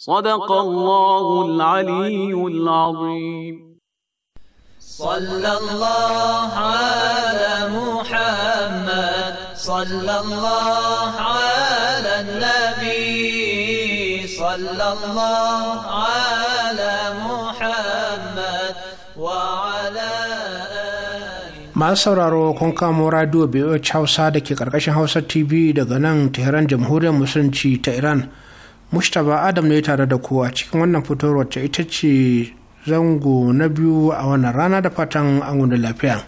صدق الله العلي العظيم صلى الله على محمد صلى الله على النبي صلى الله على محمد وعلى masu sauraro kun kamo radio Hausa da ke ƙarƙashin Hausa TV daga nan Tehran Jamhuriyar Musulunci ta Iran. mushtaba adam ne tare da kowa cikin wannan fitowar wacce ita ce zango na biyu a wannan rana da fatan angon da lafiya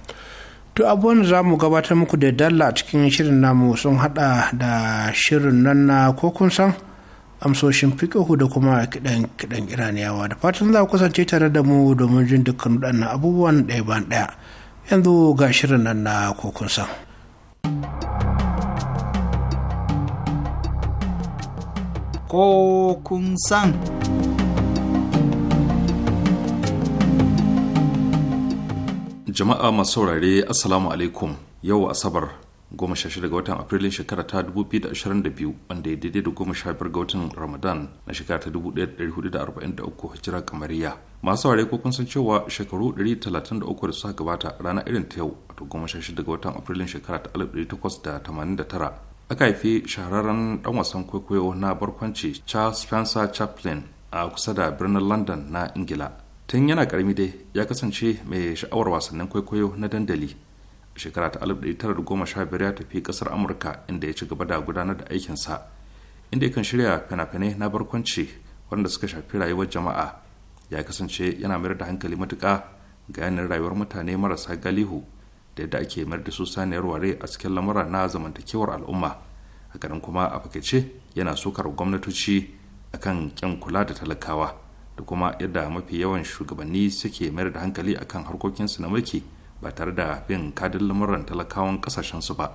to abubuwan za mu gabatar muku da dalla a cikin shirin namu sun hada da shirin nan na kokun san amsoshin fikihu da kuma kidan kidan iraniyawa da fatan za ku kusance tare da mu domin jin dukkan abubuwan ɗaya bayan ɗaya yanzu ga shirin nan na kokun san ko kun san. Jama'a masu saurare Assalamu alaikum yau Asabar goma sha shida ga watan Afrilun shekara ta 2022 wanda ya daidai da goma sha biyar ga watan Ramadan na shekara ta 1443 hijira kamariya. Masu saurare ko kun san cewa shekaru 133 da suka gabata rana irin ta yau wato goma sha shida ga watan Afrilun shekara ta 1889 aka haifi shahararren dan wasan kwaikwayo na barkwanci charles spencer chaplin a kusa da birnin london na ingila tun yana karami dai ya kasance mai sha'awar wasannin kwaikwayo na dandali shekara ta da sha 1915 ya tafi kasar amurka inda ya ci gaba da gudanar da aikinsa inda ya kan shirya fina-finai na barkwanci wanda suka shafi rayuwar jama'a ya kasance yana mayar da hankali matuka ga yanayin rayuwar mutane marasa galihu da yadda ake mayar da su saniyar ware a cikin lamura na zamantakewar al'umma a garin kuma a fakaice yana sukar gwamnatoci akan kyan kula da talakawa da kuma yadda mafi yawan shugabanni suke mayar da hankali akan harkokinsu na mulki ba tare da bin kadin lamuran talakawan kasashensu ba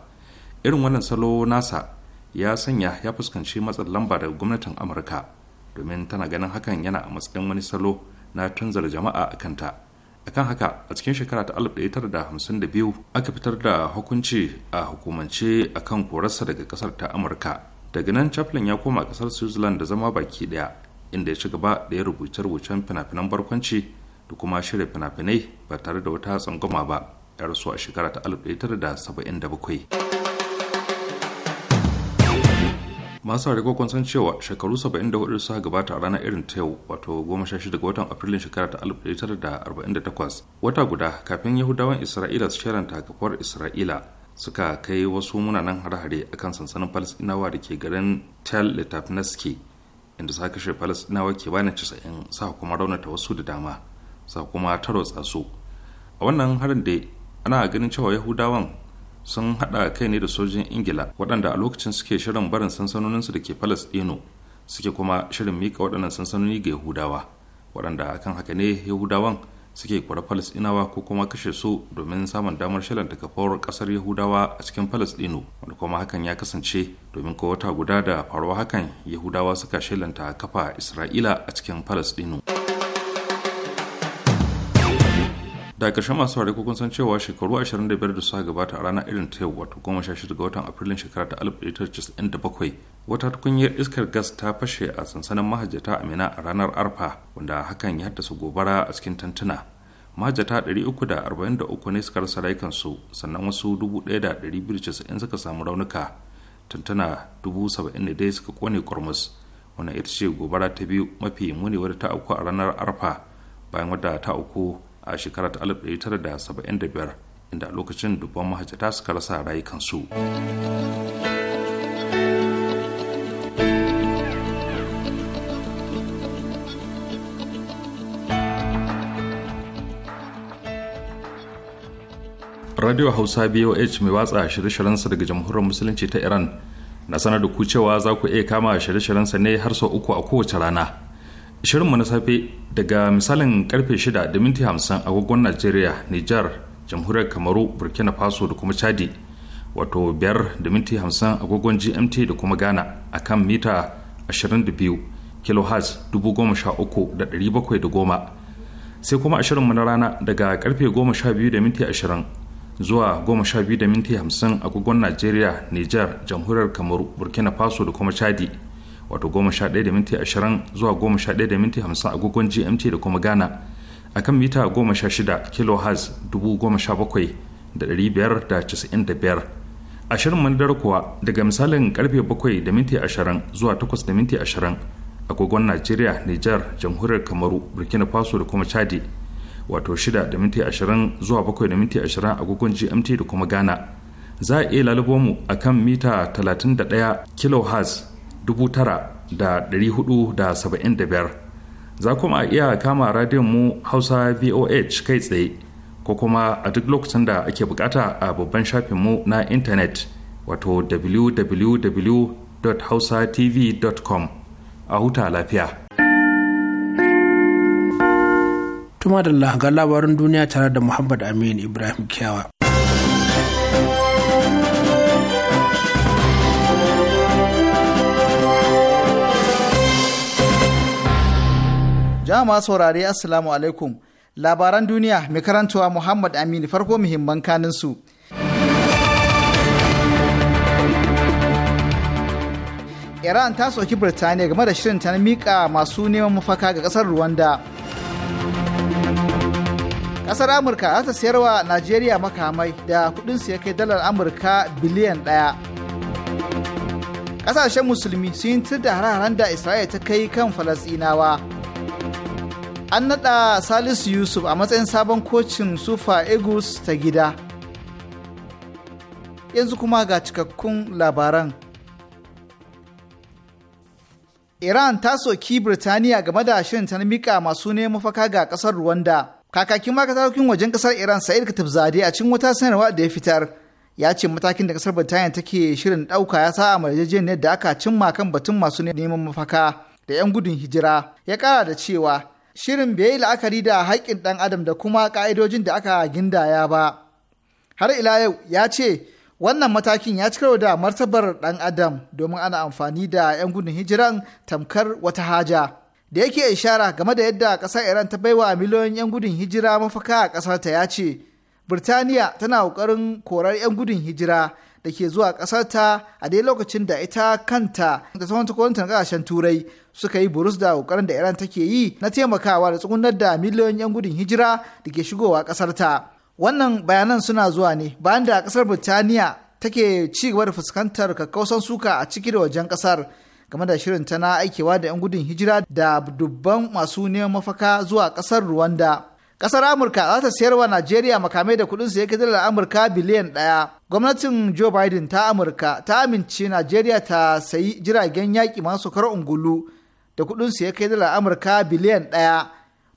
irin wannan salo nasa ya sanya ya fuskanci matsin lamba daga gwamnatin amurka domin tana ganin hakan yana a matsayin wani salo na tunzar jama'a a kanta akan haka a cikin shekara ta 1952 aka fitar da hukunci a hukumance a kan korarsa daga kasar ta amurka daga nan chaplin ya koma kasar switzerland da zama baki daya inda ya ci gaba da ya rubuce rubucen fina-finan barkwanci da kuma shirya fina-finai ba tare da wata tsangwama ba ya rasu a shekara ta 1977 masu hariko kun san cewa shekaru 74 ha gabata a ranar irin ta yau wato 16 ga watan afrilun shekara ta 1948 wata guda kafin yahudawan isra'ila su sharanta kafuwar isra'ila suka kai wasu munanan hare-hare akan sansanin falasɗinawa da ke garin tel litafneski inda suka kashe ke kimanin 90 sa kuma raunata wasu da dama sa kuma taro tsasu a wannan harin da ana ganin cewa yahudawan sun hada kai ne da sojin ingila waɗanda a lokacin suke shirin barin sansanoninsu da ke palestino suke kuma shirin mika waɗannan sansanoni ga yahudawa waɗanda akan haka ne yahudawan suke kwara palestinawa ko kuma kashe su domin samun damar shalanta kafawar ƙasar yahudawa a cikin palestino wanda kuma hakan ya kasance domin ko wata guda da faruwa hakan yahudawa suka shalanta kafa isra'ila a cikin palestino da ƙarshe masu ware kun san cewa shekaru 25 da suka gabata a ranar irin ta yau wato 16 ga watan afrilun shekara ta 1997 wata tukunyar iskar gas ta fashe a sansanin mahajjata Mina a ranar arfa wanda hakan ya haddasa gobara a cikin tantuna mahajjata 343 ne suka rasa rayukansu sannan wasu 1,290 suka samu raunuka tantuna 70,000 suka kone kurmus wannan ita ce gobara ta biyu mafi muni wadda ta auku a ranar arfa bayan wadda ta auku a shekarar biyar inda lokacin dubban mahajjata suka rasa rayukansu. radio hausa boh mai watsa shirye-shiryensa daga jamhuriyar musulunci ta iran na sanar da ku cewa za ku iya kama shirye sa ne har sau uku a kowace rana shirinmu na safe daga misalin karfe 6 da minti 50 agogon najeriya nijar jamhuriyar kamaru burkina faso da kuma chadi wato 5 da minti 50 agogon gmt da kuma ghana a kan mita 22 kHz 13710 sai kuma ashirinmu na rana daga karfe 12 da minti 20 zuwa 12 da minti 50 agogon najeriya nijar jamhuriyar kamaru burkina faso da kuma chadi wato goma sha ɗaya da minti ashirin zuwa goma sha ɗaya da minti hamsin agogon gmt da kuma ghana a kan mita goma sha shida kilo kilohertz dubu goma sha bakwai da ɗari biyar da casa'in da biyar a ashirin manadar kuwa daga misalin karfe bakwai da minti ashirin zuwa takwas da minti ashirin agogon nigeria niger jamhuriyar kamaru burkina faso da kuma chadi wato shida da minti ashirin zuwa bakwai da minti ashirin agogon gmt da kuma ghana za a iya lalubo mu a kan mita talatin da ɗaya kilohertz 9475 za kuma iya kama radiyon mu hausa voh kai tsaye ko kuma a duk lokacin da ake bukata a babban mu na intanet wato www.hausatv.com a huta lafiya. Tuma da ga labarin duniya tare da Muhammad Amin Ibrahim Kyawa. Jama'a saurare Assalamu alaikum. Labaran duniya mai karantawa Muhammad Aminu farko muhimman kanin su. Iran ta soki Birtaniya game da shirin ta mika masu neman mafaka ga ƙasar Rwanda. Ƙasar Amurka za ta sayar wa Najeriya makamai da su ya kai dalar Amurka biliyan ɗaya. kasashen musulmi sun yi da hararen da isra'ila ta kai kan falasinawa an naɗa salisu yusuf a matsayin sabon kocin sufa egus ta gida yanzu kuma ga cikakkun labaran iran ta soki birtaniya game da shirin ta mika masu neman mafaka ga kasar rwanda kakakin makatarokin wajen kasar iran sa'id katabzade a cikin wata sanarwa da ya fitar ya ce matakin da kasar birtaniya take shirin ɗauka ya sa a da aka cimma kan batun masu neman mafaka da 'yan gudun hijira ya kara da cewa shirin bai yi la'akari da haƙƙin ɗan adam da kuma ƙa'idojin da aka gindaya ba har ila yau ya ce wannan matakin ya ci da martabar ɗan adam domin ana amfani da 'yan gudun hijiran tamkar wata haja da yake ishara game da yadda ƙasar iran ta baiwa miliyoyin 'yan gudun hijira mafaka a ƙasarta ya ce birtaniya tana ƙoƙarin korar 'yan gudun hijira da ke zuwa ƙasarta a dai lokacin da ita kanta da sauran takwarorinta na ƙasashen turai suka yi burus da ƙoƙarin da iran take yi na taimakawa da tsugunar da miliyoyin 'yan gudun hijira da ke shigowa ƙasarta wannan bayanan suna zuwa ne bayan da ƙasar birtaniya take ci gaba da fuskantar kakkausan suka a ciki da wajen ƙasar game da shirin ta na aikewa da 'yan gudun hijira da dubban masu neman mafaka zuwa ƙasar ruwanda ƙasar amurka za ta sayar wa najeriya makamai da kuɗin su ya kai dalar amurka biliyan ɗaya gwamnatin joe biden ta amurka ta amince najeriya ta sayi jiragen yaƙi masu kar ungulu da kuɗinsu ya kai dala amurka biliyan ɗaya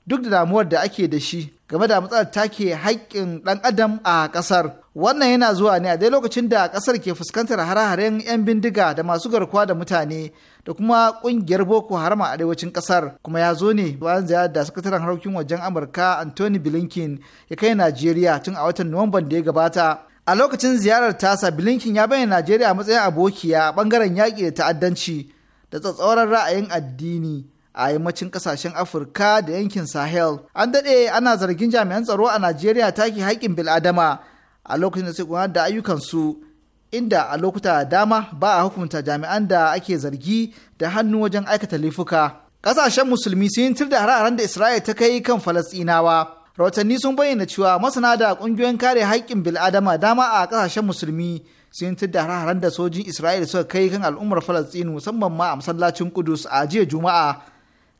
duk da damuwar da ake da shi game da matsalar take haƙƙin ɗan adam a ƙasar wannan yana zuwa ne a dai lokacin da ƙasar ke fuskantar hare-haren 'yan bindiga da masu garkuwa da mutane da kuma ƙungiyar boko haram a arewacin ƙasar kuma ya zo ne bayan ziyarar da sakataren harkokin wajen amurka anthony blinken ya kai najeriya tun a watan nuwamban da ya gabata a lokacin ziyarar tasa bilinkin ya bayyana najeriya a matsayin abokiya a bangaren yaƙi da ta'addanci da tsatsauran ra'ayin addini a yammacin kasashen afirka da yankin sahel an daɗe ana zargin jami'an tsaro a najeriya take haƙƙin bil'adama a lokacin da suke da ayyukansu inda a lokuta dama ba a hukunta jami'an da ake zargi da hannu wajen aikata laifuka ƙasashen musulmi sun yi tir da hare da Isra'il ta kai kan falasɗinawa rahotanni sun bayyana cewa masana da kungiyoyin kare haƙƙin bil'adama dama a ƙasashen musulmi sun da haren da sojin isra'ila suka kai kan al'ummar falastinu musamman ma a masallacin kudus a jiya juma'a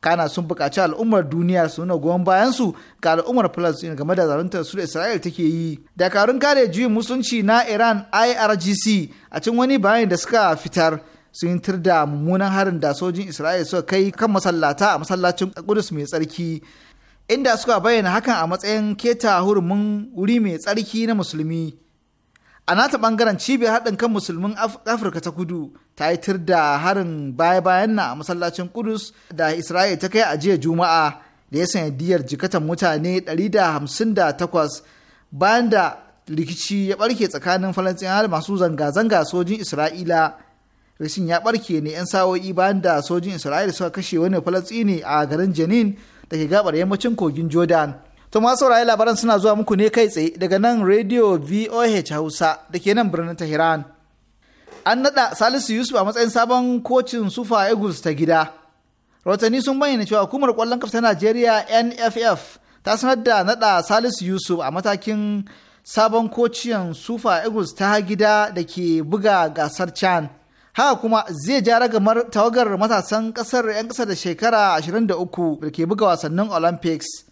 kana sun buƙaci al'ummar duniya su nuna goyon bayan su ga al'ummar falastinu game da zaluntar su da isra'ila take yi dakarun kare juyin musulunci na iran irgc a cikin wani bayani da suka fitar sun da mummunan harin da sojin isra'ila suka kai kan masallata a masallacin kudus mai tsarki inda suka bayyana hakan a matsayin keta hurumin wuri mai tsarki na musulmi a nata bangaren cibiyar haɗin kan musulmin afirka ta kudu ta yi tir da harin baya-bayan na a masallacin kudus da isra'il ta kai a jiya juma'a da ya sanadiyar jikatan mutane 158 bayan da rikici ya barke tsakanin falasɗinawa masu zanga-zanga sojin isra'ila rikicin ya barke ne 'yan sa'o'i bayan da sojin isra'ila suka kashe wani ne a garin janin. da ke gabar yammacin kogin jordan to masu labaran suna zuwa muku ne kai tsaye daga nan radio voh hausa da ke nan birnin tehran an naɗa salisu yusuf a matsayin sabon kocin sufa eagles ta gida rahotanni sun bayyana cewa hukumar kwallon kafa ta najeriya nff ta sanar da naɗa salisu yusuf a matakin sabon kociyan sufa eagles ta gida da ke buga gasar chan haka kuma zai ja ragamar tawagar matasan kasar 'yan kasa da shekara 23 da ke buga wasannin olympics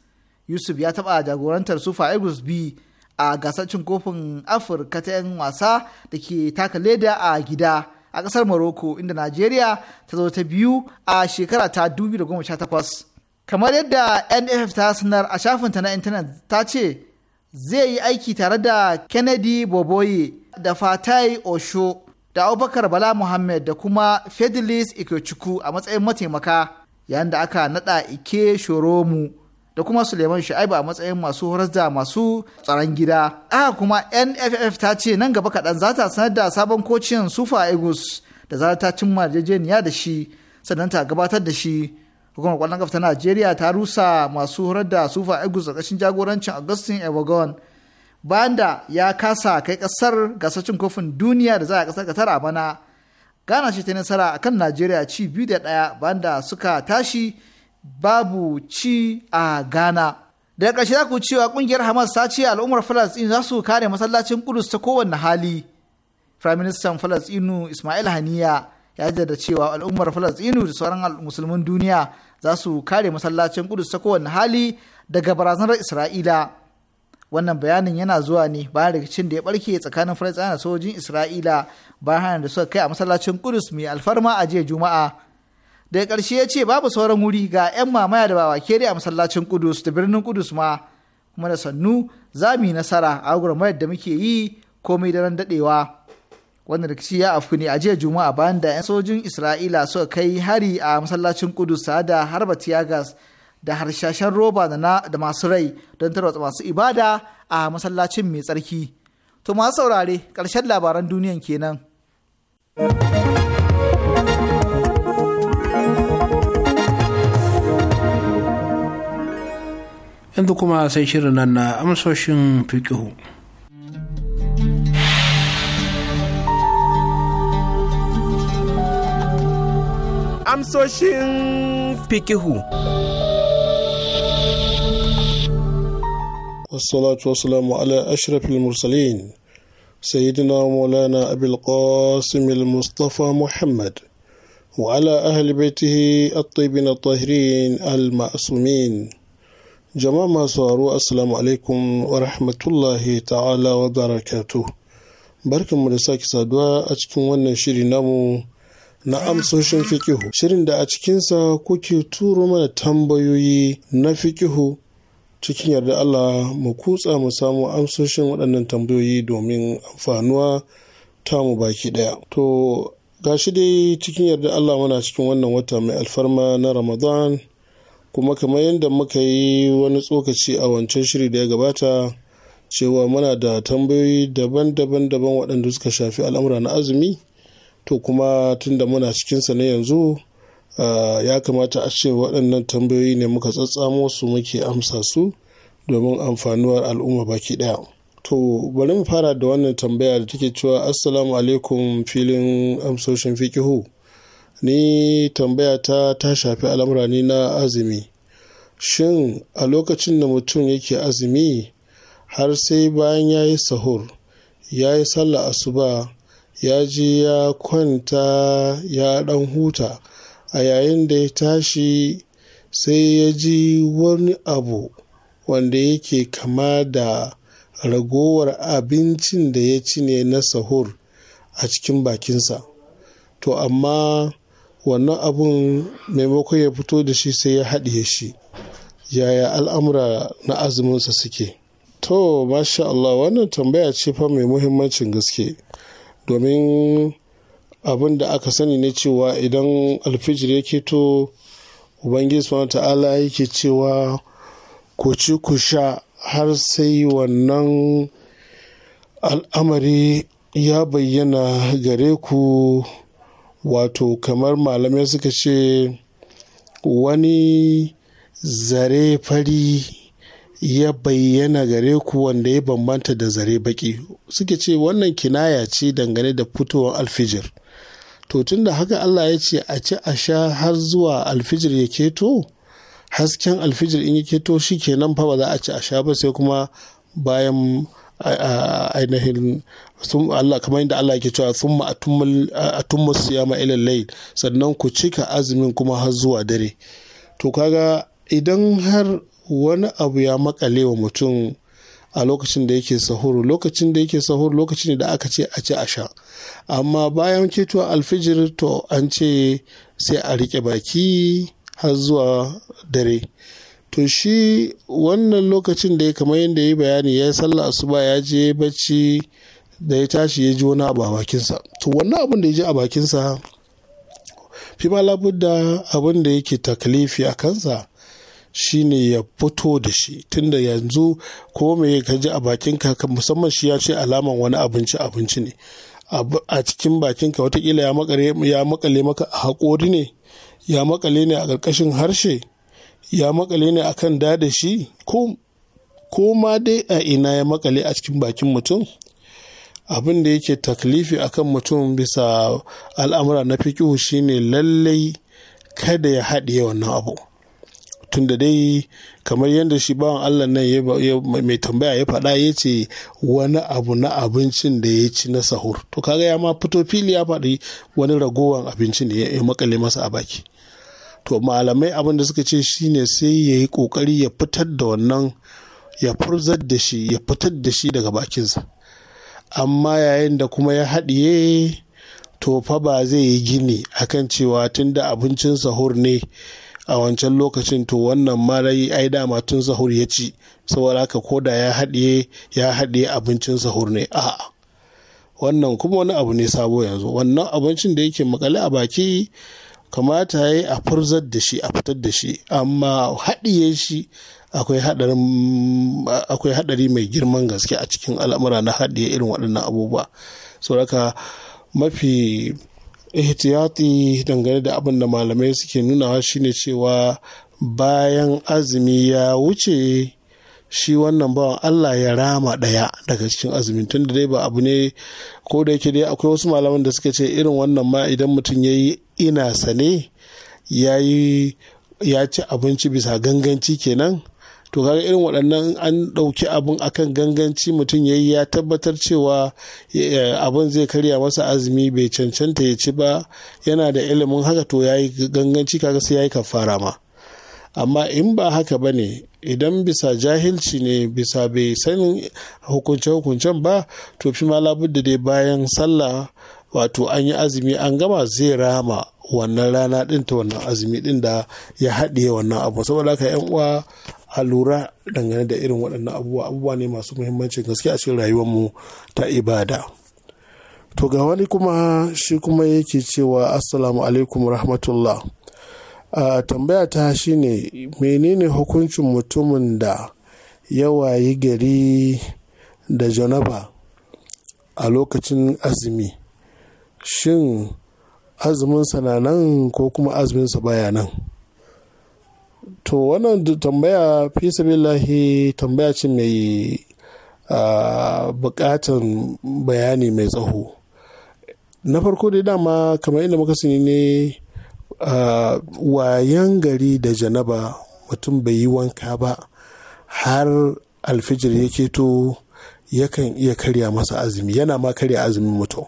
yusuf ya taɓa jagorantar sufa eagles b a gasar cin kofin afirka ta 'yan wasa da ke taka leda a gida a kasar morocco inda najeriya ta zo ta biyu a shekara ta 2018 kamar yadda nff ta sanar a shafinta na intanet ta ce zai yi aiki tare da kennedy boboye da fatai osho da abubakar bala muhammed da kuma fedilis ikechukwu a matsayin mataimaka yayin da aka nada ike shoromu da kuma suleiman shu'aibu a matsayin masu horar da masu tsaron gida aka kuma nff ta ce nan gaba kaɗan za ta sanar da sabon kocin sufa eagles da za ta cimma yarjejeniya da shi sannan ta gabatar da shi hukumar kwallon kafa ta najeriya ta rusa masu horar da sufa eagles a ƙarshen jagorancin augustin evagon banda ya kasa kai kasar gasar kofin duniya da za a kasar Qatar a bana. gana ce ta nasara kan Najeriya ci biyu da daya banda suka tashi babu ci a Ghana. Daga ƙarshe za ku cewa ƙungiyar Hamas ta ce al'ummar Falasɗin za su kare masallacin Kudus ta kowanne hali. Firaministan Falasɗinu Ismail Haniya ya da cewa al'ummar Falasɗinu da sauran musulmin duniya za su kare masallacin Kudus ta kowanne hali daga barazanar Isra'ila. wannan bayanin yana zuwa ne bayan rikicin da ya barke tsakanin falasɗinawa da sojojin isra'ila bayan hana da suka kai a masallacin kudus mai alfarma a jiya juma'a daga ƙarshe ya ce babu sauran wuri ga 'yan mamaya da bawa kere a masallacin kudus da birnin kudus ma kuma da sannu za mu yi nasara a gurmayar da muke yi komai daren daɗewa wannan rikici ya afku ne a jiya juma'a bayan da 'yan sojojin isra'ila suka kai hari a masallacin kudus tare da harba tiyagas da harshashen roba da masu rai don tarwatsa masu ibada a masallacin mai tsarki. To masu saurare ƙarshen labaran duniyan kenan. yanzu kuma sai shirin nan na amsoshin fikihu. Amsoshin fikihu. wassalatu wassalamu ala ashrafil mursalin sayyidina maulana abil qasim al-mustafa muhammad wa ala ahli baitihi at-tayyibin at-tahirin al jama'a masu haro assalamu alaikum wa rahmatullahi ta'ala wa barakatuh barkanmu da sake saduwa a cikin wannan shiri namu na amsoshin fikihu shirin da a cikinsa kuke turo mana tambayoyi na fikihu cikin yarda Allah mu kutsa mu samu amsoshin waɗannan tambayoyi domin amfanuwa ta mu baki ɗaya. To gashi dai cikin yarda Allah muna cikin wannan wata mai alfarma na Ramadan kuma kamar yadda muka yi wani tsokaci a wancan shiri da ya gabata cewa muna da tambayoyi daban-daban daban waɗanda suka shafi al'amura na azumi to kuma tunda muna cikinsa na yanzu Eh, ya kamata a ce waɗannan tambayoyi ne muka tsatsamo su muke amsa su domin amfanuwar al'umma baki ɗaya to bari mu fara da wannan tambaya da take cewa assalamu alaikum filin amsoshin fikihu ni tambaya ta ta shafi al'amura ne na azumi shin a lokacin da mutum yake azumi har sai bayan ya yi sahur ya yi sallah asuba ya ji ya kwanta ya ɗan huta a yayin da ya tashi sai ya ji wani abu wanda yake kama da ragowar abincin da ya ci ne na sahur a cikin bakinsa to amma wannan abun maimakon ya fito da shi sai ya haɗiye shi yaya al'amura na azuminsa suke to masha Allah wannan tambaya ce fa mai muhimmancin gaske domin abin da aka sani na cewa idan alfijir ya keto ubangiji subhanahu ta'ala yake cewa ku ci ku sha har sai wannan al'amari ya bayyana gare ku wato kamar malamai suka ce wani zare fari ya bayyana gare ku wanda ya bambanta da zare baki suke ce wannan kinaya ce dangane da fitowar alfijir to tun da haka Allah ya ce a ci a sha har zuwa alfijir ya keto hasken alfijir in ya keto shi kenan fa ba za a ci a sha ba sai kuma bayan ainihin Allah kamar yadda Allah ke cewa sun atumma siyama ilal layl sannan ku cika azumin kuma har zuwa dare to kaga idan har wani abu ya makale wa mutum a lokacin da yake sahuru lokacin da yake sahuru lokacin da aka ce a ci a sha amma bayan keto alfijir to an ce sai a rike baki har zuwa dare to shi wannan lokacin da ya kamar yadda ya yi bayani ya yi sallah asuba ya je bacci da ya tashi ya ji wani abu a bakinsa to wannan abin da ya ji a bakinsa fi ma labudda abin da yake takalifi a kansa shine ya fito da shi tunda yanzu ko me ka ji a bakinka musamman shi ya ce alaman wani abinci abinci ne a cikin bakinka watakila ya makale maka a haƙori ne ya makale ne a ƙarƙashin harshe ya makale ne a kan dadashi ko ko ma dai a ina ya makale a cikin bakin mutum abin da yake taklifi akan mutum bisa al'amura na fikihu shine lallai kada ya haɗe wannan abu Tun da dai kamar yadda shi bawan allah nan mai tambaya ya faɗa ya ce wani abu na abincin da ya ci na sahur to kaga ya ma fito fili ya faɗi wani ragowar abincin da ya makale masa a baki to malamai abin da suka ce shine sai ya yi ƙoƙari ya fitar da wannan ya furzar da shi ya fitar da shi daga bakinsa amma yayin da kuma ya haɗiye to fa ba zai yi gini akan cewa tun da abincin sahur ne a wancan lokacin to wannan marai ai dama tun sahur ya ci saboda haka koda ya haɗiye ya haɗiye abincin sahur ne a'a wannan kuma wani abu ne sabo yanzu wannan abincin da yake makale a baki kamata ya yi a furzar da shi a fitar da shi amma haɗiye shi akwai haɗari mai girman gaske a cikin al'amura na haɗiye irin waɗannan abubuwa sauraka mafi ihtiyati dangane da abin da malamai suke nunawa shine cewa bayan azumi ya wuce shi wannan bawan Allah ya rama ɗaya daga cikin azumin tun da dai ba abu ne ko da yake dai akwai wasu malaman da suka ce irin wannan ma idan mutum ya yi ina sane ya ci abinci bisa ganganci kenan to kaga irin waɗannan an ɗauki abin akan ganganci mutum ya yi ya tabbatar cewa abin zai karya masa azumi bai cancanta ya ci ba yana da ilimin haka to ya yi ganganci kaga sai ya yi kafara ma amma in ba haka ba ne idan bisa jahilci ne bisa bai sanin hukunce-hukuncen ba to fi ma dai bayan sallah wato an yi azumi an gama zai rama wannan rana din ta wannan azumi din da ya haɗiye wannan abu saboda haka yan uwa a lura dangane da irin waɗannan abubuwa abubuwa ne masu muhimmancin gaske a cikin mu ta ibada to ga wani kuma shi kuma yake cewa assalamu alaikum rahmatullah a tambaya ta shine menene hukuncin mutumin da yawayi gari da janaba a lokacin azumi shin azuminsa na nan ko kuma azuminsa baya nan to wannan tambaya fi sabillahi tambaya ce mai bukatan bayani mai tsaho na farko dai dama kamar inda muka sani ne wayan gari da janaba mutum bai yi wanka ba har alfijir ya keto yakan iya karya masa azumi yana ma karya azumin mutum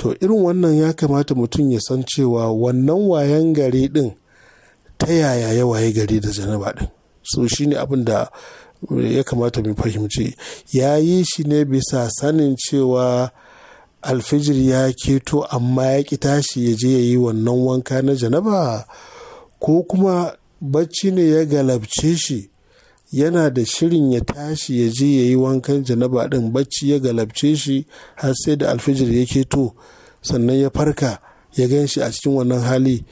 to irin wannan ya kamata mutum ya san cewa wannan wayan gari din ta yaya ya waye gari da janaba din so shine abin da eh, ya kamata mu fahimci ya yi shi ne bisa sanin cewa alfijir ya keto amma ya ki tashi ya je ya yi wannan wanka na janaba ko kuma bacci ne ya galabce shi yana da shirin ya tashi ya je ya yi wankan janaba din bacci ya galabce shi har sai da alfijir ya keto sannan ya farka ya gan shi a cikin wannan hali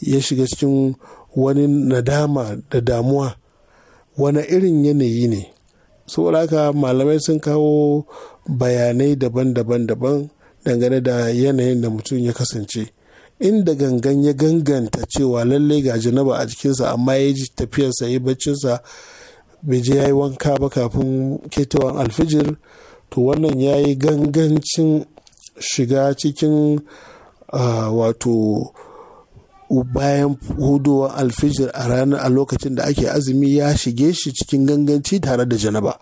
ya shiga cikin wani nadama da damuwa wani irin yanayi ne saboda haka malamai sun kawo bayanai daban-daban daban dangane da yanayin da mutum ya kasance inda gangan ya ganganta cewa lallai ga janaba a jikinsa amma ya ji tafiyarsa ya baccinsa bai je ya yi wanka ba kafin ketawan alfijir to wannan ya yi gangancin shiga cikin ah, wato bayan hudowa alfijir a ranar a lokacin da ake azumi ya shige shi cikin ganganci tare da janaba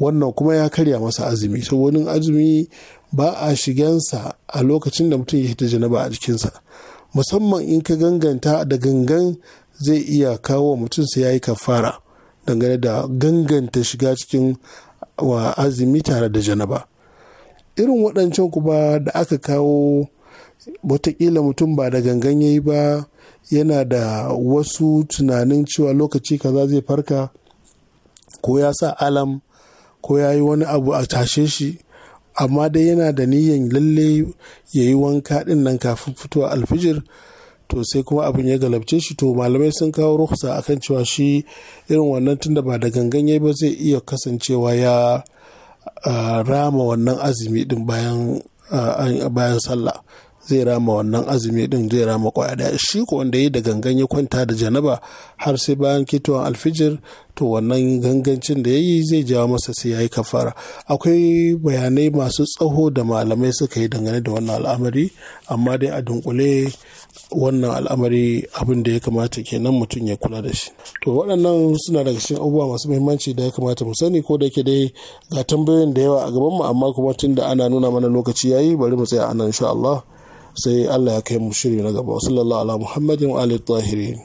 wannan kuma ya karya masa azumi saboda azumi ba a shigensa a lokacin da mutum ya hita janaba a jikinsa musamman in ka ganganta da gangan zai iya kawo mutum sai ya yi kafara dangane da ganganta shiga cikin wa azumi tare da janaba irin waɗancan kuma da aka kawo watakila mutum ba da gangan yayi ba yana da wasu tunanin cewa lokaci kaza zai farka ko ya sa alam ko ya yi wani abu a tashe shi amma dai yana da niyan lalle ya yi wanka din nan kafin fitowa alfijir to sai kuma abin ya galabce shi to malamai sun kawo ruhsa akan cewa shi irin wannan tunda ba da gangan yayi ba zai iya kasancewa ya ah, rama wannan azumi din bayan ah, bayan sallah zai rama wannan azumi din zai rama kwaya daya shi ko wanda ya da gangan ya kwanta da janaba har sai bayan kitowar alfijir to wannan gangancin da ya yi zai jawo masa sai ya yi kafara akwai bayanai masu tsaho da malamai suka yi dangane da wannan al'amari amma dai a dunkule wannan al'amari abin da ya kamata kenan mutum ya kula da shi to waɗannan suna daga cikin abubuwa masu muhimmanci da ya kamata mu sani ko da ke dai ga tambayoyin da yawa a gaban mu amma kuma tun da ana nuna mana lokaci yayi bari mu tsaya nan insha Allah sai Allah ya kai mu shiri na gaba sallallahu ala muhammadin wa alihi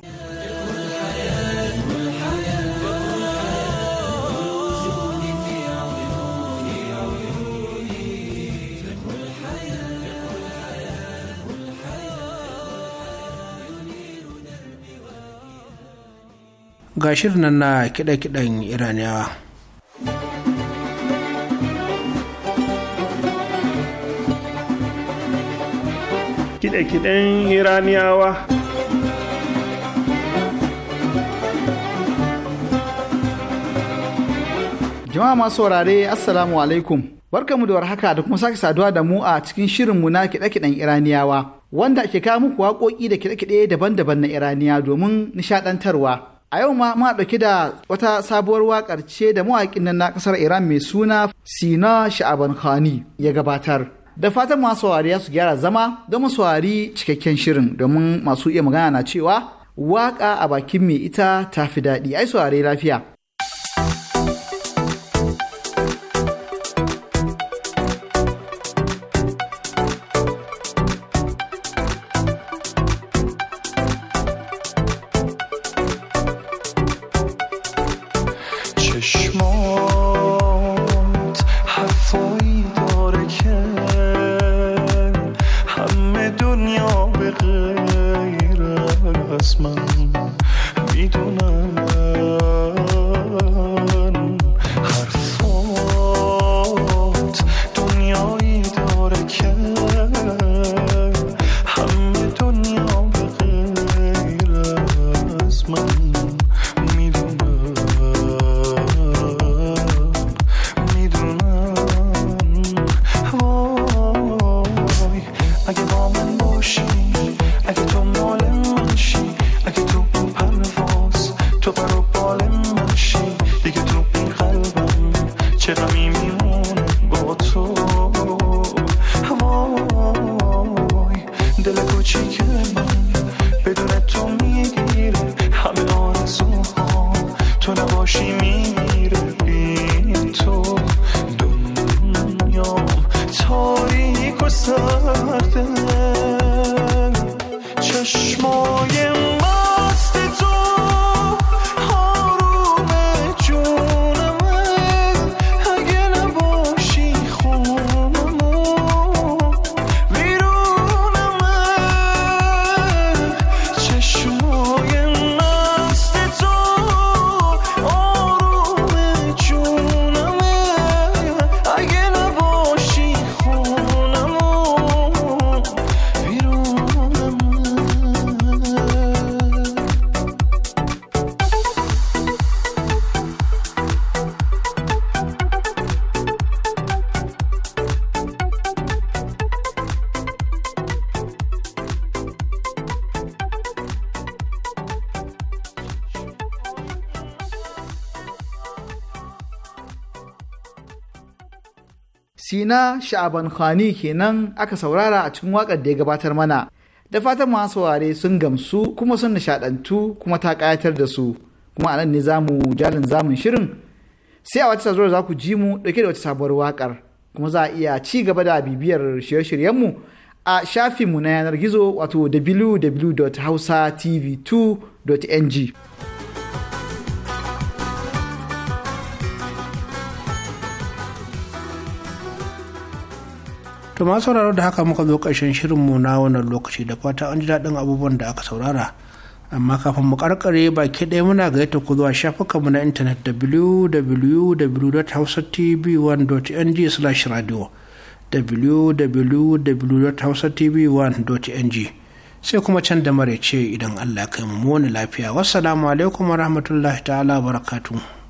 ga shirin nan na kiɗe-kiɗen iraniyawa kiɗe-kiɗen iraniyawa jama'a masu saurare assalamu alaikum barkamu da warhaka da kuma sake saduwa da mu a cikin shirinmu na kiɗe-kiɗen iraniyawa wanda ke kawo muku waƙoƙi da kiɗe-kiɗe daban-daban na iraniya domin nishaɗantarwa a yau ma muna ɗauke da wata sabuwar waƙar ce da mawaƙin nan na ƙasar iran mai suna sina sha'aban khani ya gabatar da fatan masu saurari su gyara zama don masu saurari cikakken shirin domin masu iya magana na cewa waka a bakin mai ita ta fi daɗi ai saurari lafiya na sha'aban kwani kenan aka saurara a cikin waƙar da ya gabatar mana da fatan masu saurare sun gamsu kuma sun nishaɗantu kuma ta ƙayatar da su kuma anan ne zamu jalin zamun shirin sai a wata sazuwar za ku ji mu ɗauke da wata sabuwar waƙar kuma za a iya ci gaba da bibiyar shirye-shiryenmu a shafinmu na yanar gizo wato www.hausatv2.ng to masu sauraro da haka muka zo ƙarshen shirinmu na wannan lokaci da fata an ji daɗin abubuwan da aka saurara amma kafin mu karkare baki ɗaya muna gayyata ku zuwa shafukanmu na intanet www.hausatv1.ng/radio www.hausatv1.ng sai kuma can da ce idan Allah kai mu wani lafiya wassalamu alaikum rahmatullahi ta'ala barakatuhu